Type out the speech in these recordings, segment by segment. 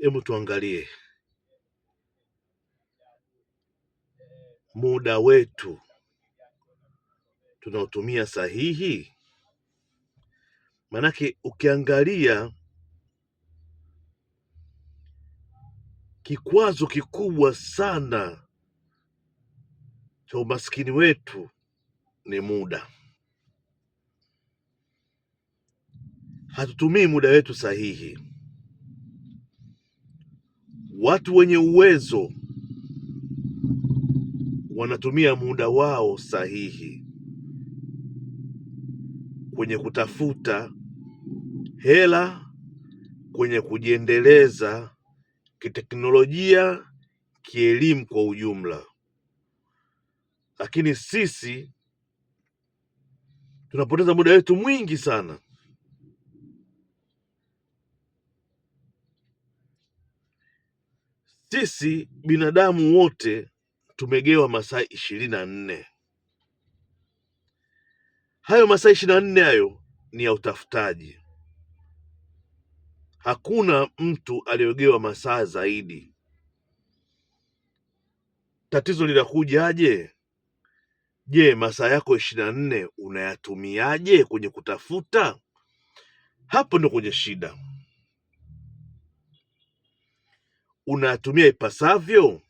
Hebu tuangalie muda wetu tunaotumia sahihi, maanake ukiangalia kikwazo kikubwa sana cha umaskini wetu ni muda. Hatutumii muda wetu sahihi. Watu wenye uwezo wanatumia muda wao sahihi kwenye kutafuta hela, kwenye kujiendeleza kiteknolojia, kielimu kwa ujumla. Lakini sisi tunapoteza muda wetu mwingi sana Sisi binadamu wote tumegewa masaa ishirini na nne. Hayo masaa ishirini na nne hayo ni ya utafutaji. Hakuna mtu aliyogewa masaa zaidi. Tatizo linakujaje? Je, masaa yako ishirini na nne unayatumiaje kwenye kutafuta? Hapo ndo kwenye shida. unatumia ipasavyo?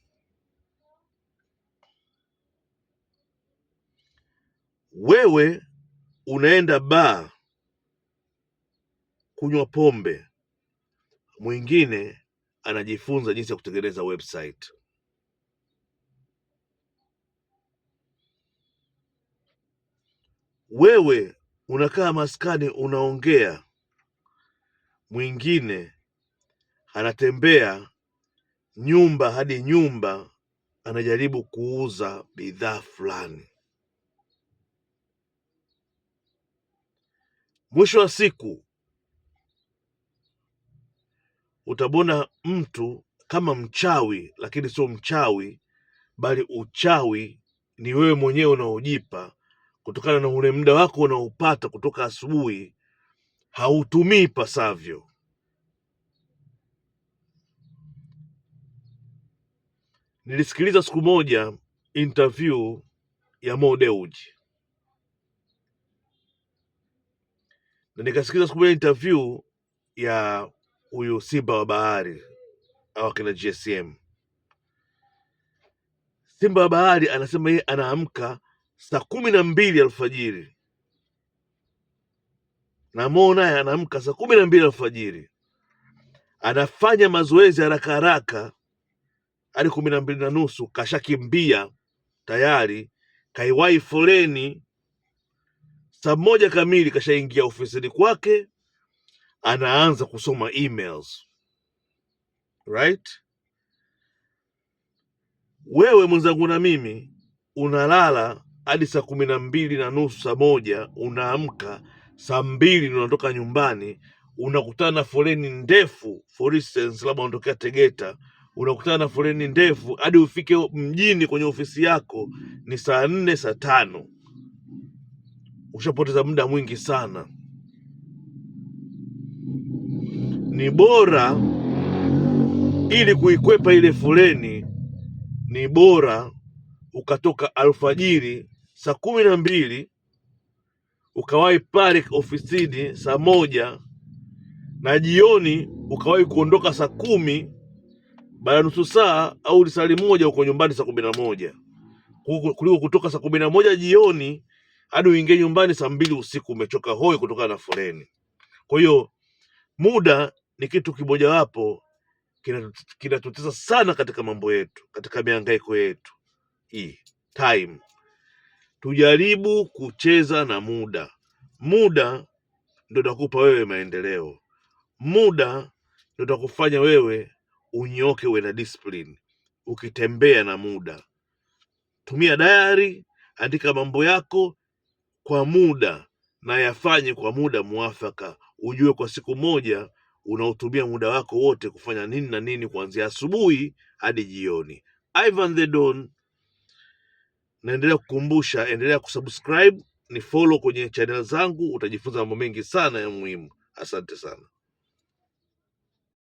Wewe unaenda baa kunywa pombe, mwingine anajifunza jinsi ya kutengeneza website. Wewe unakaa maskani unaongea, mwingine anatembea nyumba hadi nyumba, anajaribu kuuza bidhaa fulani. Mwisho wa siku utabona mtu kama mchawi, lakini sio mchawi, bali uchawi ni wewe mwenyewe unaojipa kutokana na ule muda wako unaopata kutoka asubuhi hautumii pasavyo. Nilisikiliza siku moja interview ya Mo Dewji na nikasikiliza siku moja interview ya huyu Simba wa Bahari au akina GSM. Simba wa Bahari anasema yeye anaamka saa kumi na mbili alfajiri na Mo naye anaamka saa kumi na mbili alfajiri, anafanya mazoezi haraka haraka hadi kumi na mbili na nusu kashakimbia tayari, kaiwahi foleni saa moja kamili, kashaingia ofisini kwake, anaanza kusoma emails right. Wewe mwenzangu na mimi unalala hadi saa kumi na mbili na nusu saa moja unaamka saa mbili unatoka nyumbani, unakutana na foleni ndefu. For instance, labda unatokea Tegeta unakutana na foleni ndefu hadi ufike mjini kwenye ofisi yako ni saa nne saa tano ushapoteza muda mwingi sana. Ni bora ili kuikwepa ile foleni, ni bora ukatoka alfajiri saa kumi na mbili ukawahi pale ofisini saa moja na jioni ukawahi kuondoka saa kumi baada ya nusu saa au lisali moja uko nyumbani saa kumi na moja kuliko kutoka saa kumi na moja jioni hadi uingie nyumbani saa mbili usiku umechoka hoi kutokana na foleni. Kwa hiyo muda ni kitu kimojawapo kinatutesa sana katika mambo yetu, katika mihangaiko yetu hii time. Tujaribu kucheza na muda. Muda ndio utakupa wewe maendeleo, muda ndio utakufanya wewe unyoke, uwe na discipline ukitembea na muda. Tumia dayari, andika mambo yako kwa muda na yafanye kwa muda mwafaka. Ujue kwa siku moja unaotumia muda wako wote kufanya nini na nini, kuanzia asubuhi hadi jioni. Ivan the Don, naendelea kukumbusha, endelea kusubscribe ni follow kwenye channel zangu, utajifunza mambo mengi sana ya muhimu. Asante sana.